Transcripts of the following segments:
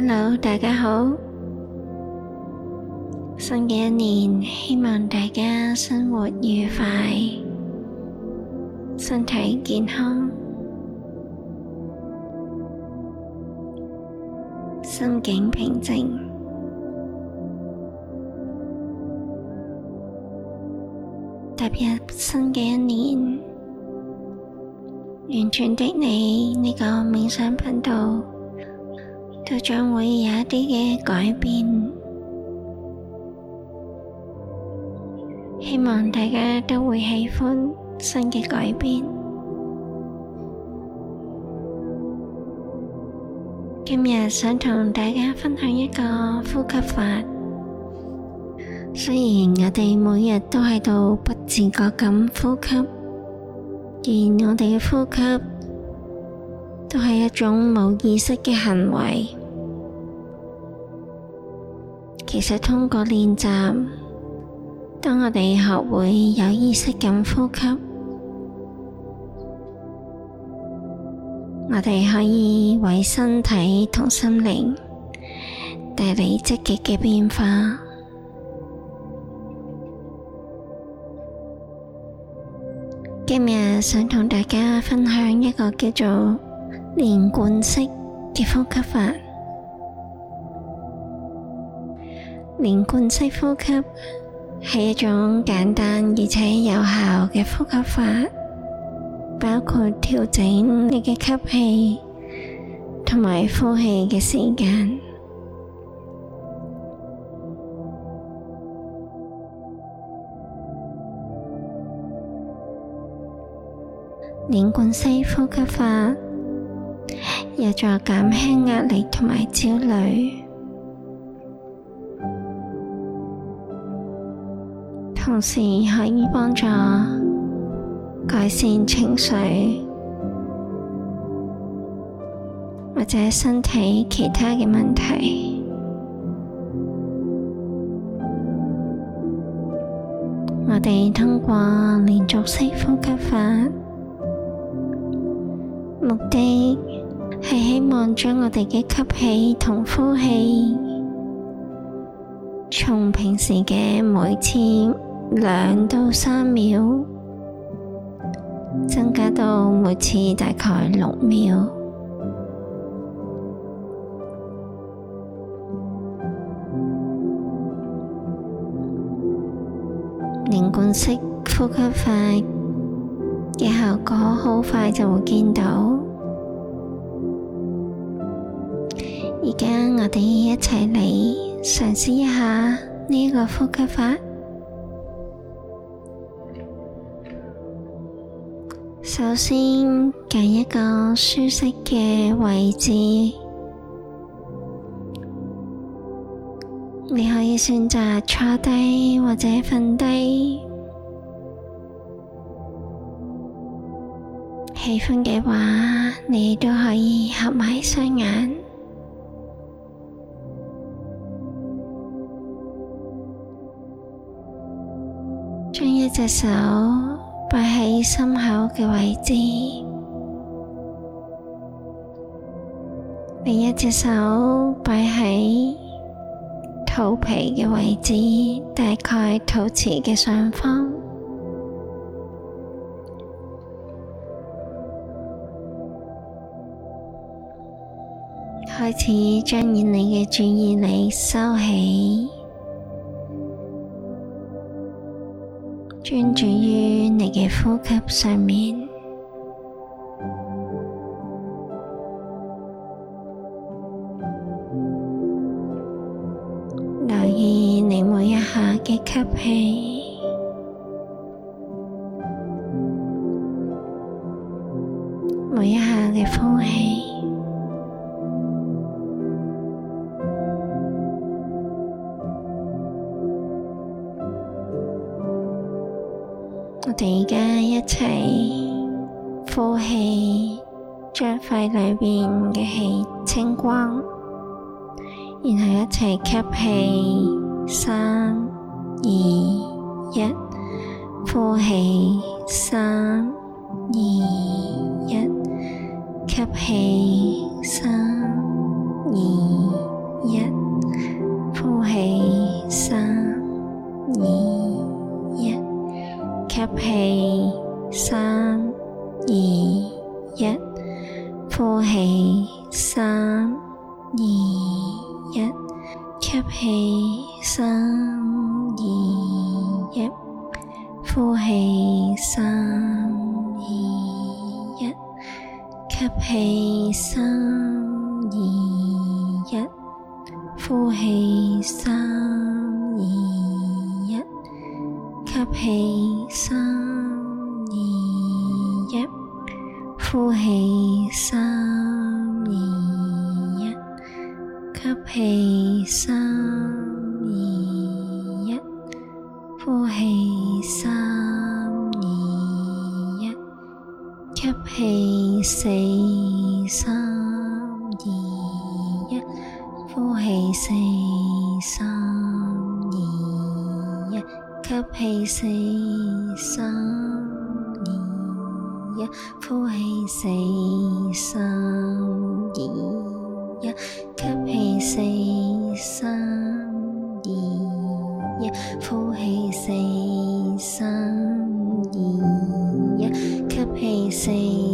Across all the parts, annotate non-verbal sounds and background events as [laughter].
Hello，大家好，新嘅一年，希望大家生活愉快，身體健康，心境平靜。踏入新嘅一年，完全的你呢個冥想頻道。佢將會有一啲嘅改變，希望大家都會喜歡新嘅改變。今日想同大家分享一個呼吸法。雖然我哋每日都喺度不自覺咁呼吸，而我哋嘅呼吸都係一種冇意識嘅行為。其實通過練習，當我哋學會有意識咁呼吸，我哋可以為身體同心靈帶嚟積極嘅變化。今日想同大家分享一個叫做連貫式嘅呼吸法。連貫式呼吸係一種簡單而且有效嘅呼吸法，包括調整你嘅吸氣同埋呼氣嘅時間。連貫式呼吸法有助減輕壓力同埋焦慮。同時可以幫助改善情緒，或者身體其他嘅問題。我哋通過連續式呼吸法，目的係希望將我哋嘅吸氣同呼氣，從平時嘅每次，兩到三秒，增加到每次大概六秒，連貫式呼吸法嘅效果好快就會見到。而家我哋一齊嚟嘗試一下呢個呼吸法。首先揀一個舒適嘅位置，你可以選擇坐低或者瞓低，喜歡嘅話你都可以合埋雙眼，將一隻手。擺喺心口嘅位置，另一隻手擺喺肚皮嘅位置，大概肚臍嘅上方，開始將你嘅注意力收起。專注於你嘅呼吸上面， [music] 留意你每一下嘅吸氣。大家一齊呼氣，將肺裏邊嘅氣清光，然後一齊吸氣，三二一，呼氣，三二一，吸氣，三二。吸氣，三二一；呼氣，三二一；吸氣，三二一；呼氣，三二一；吸氣，三二一；呼氣，三二一；吸氣。吸氣三二一，吸氣三二一，呼氣三二一，吸氣四三二一，呼氣四三二一，吸氣四三。一呼氣四三二一，吸氣四三二一，呼氣四三二一，吸氣四。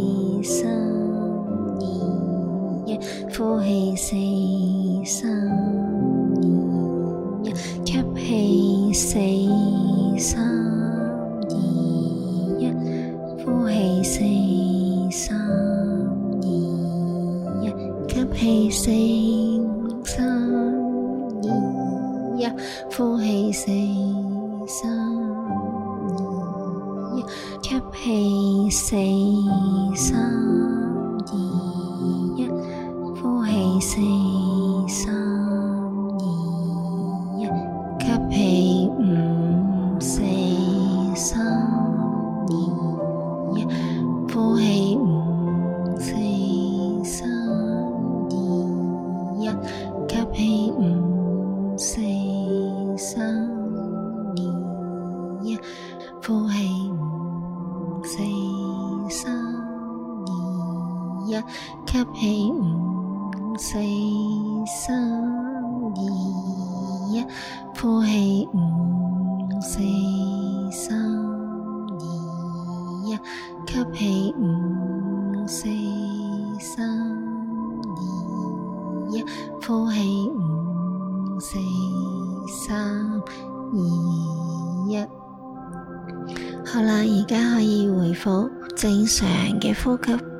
吸氣四三二一，呼氣四三二一，吸氣四三。吸氣五四三二一，呼氣五四三二一，吸氣五四三二一，呼氣五四三二一。好啦，而家可以回復正常嘅呼吸。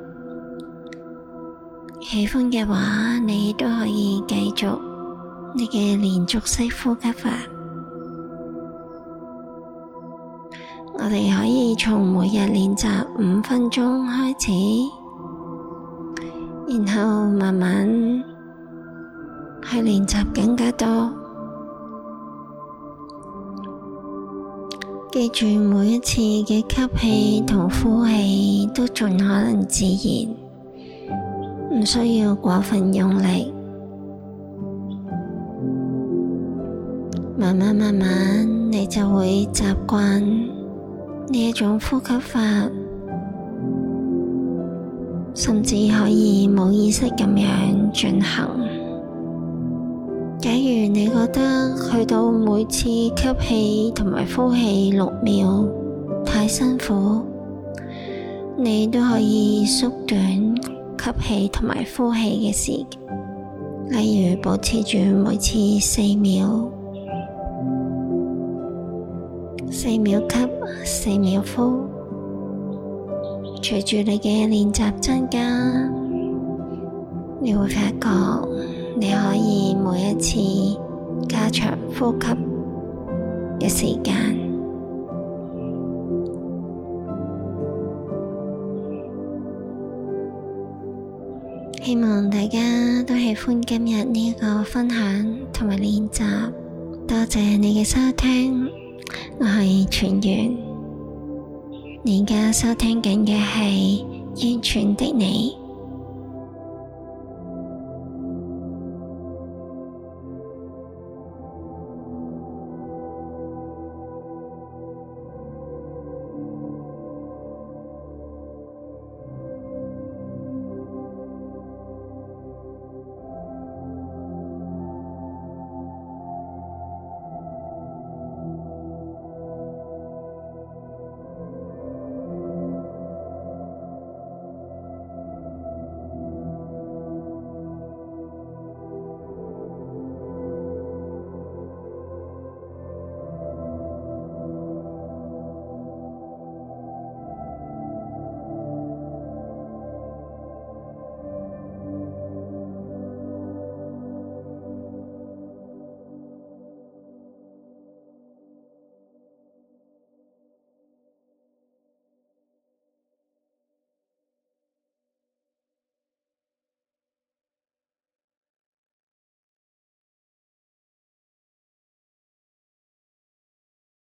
喜歡嘅話，你都可以繼續你嘅連續式呼吸法。我哋可以從每日練習五分鐘開始，然後慢慢去練習更加多。記住每一次嘅吸氣同呼氣都盡可能自然。唔需要過分用力，慢慢慢慢，你就會習慣呢一種呼吸法，甚至可以冇意識咁樣進行。假如你覺得去到每次吸氣同埋呼氣六秒太辛苦，你都可以縮短。吸氣同埋呼氣嘅時，例如保持住每次四秒，四秒吸，四秒呼。隨住你嘅練習增加，你會發覺你可以每一次加長呼吸嘅時間。希望大家都喜歡今日呢個分享同埋練習，多謝你嘅收聽，我係全員，你而家收聽緊嘅係完全的你。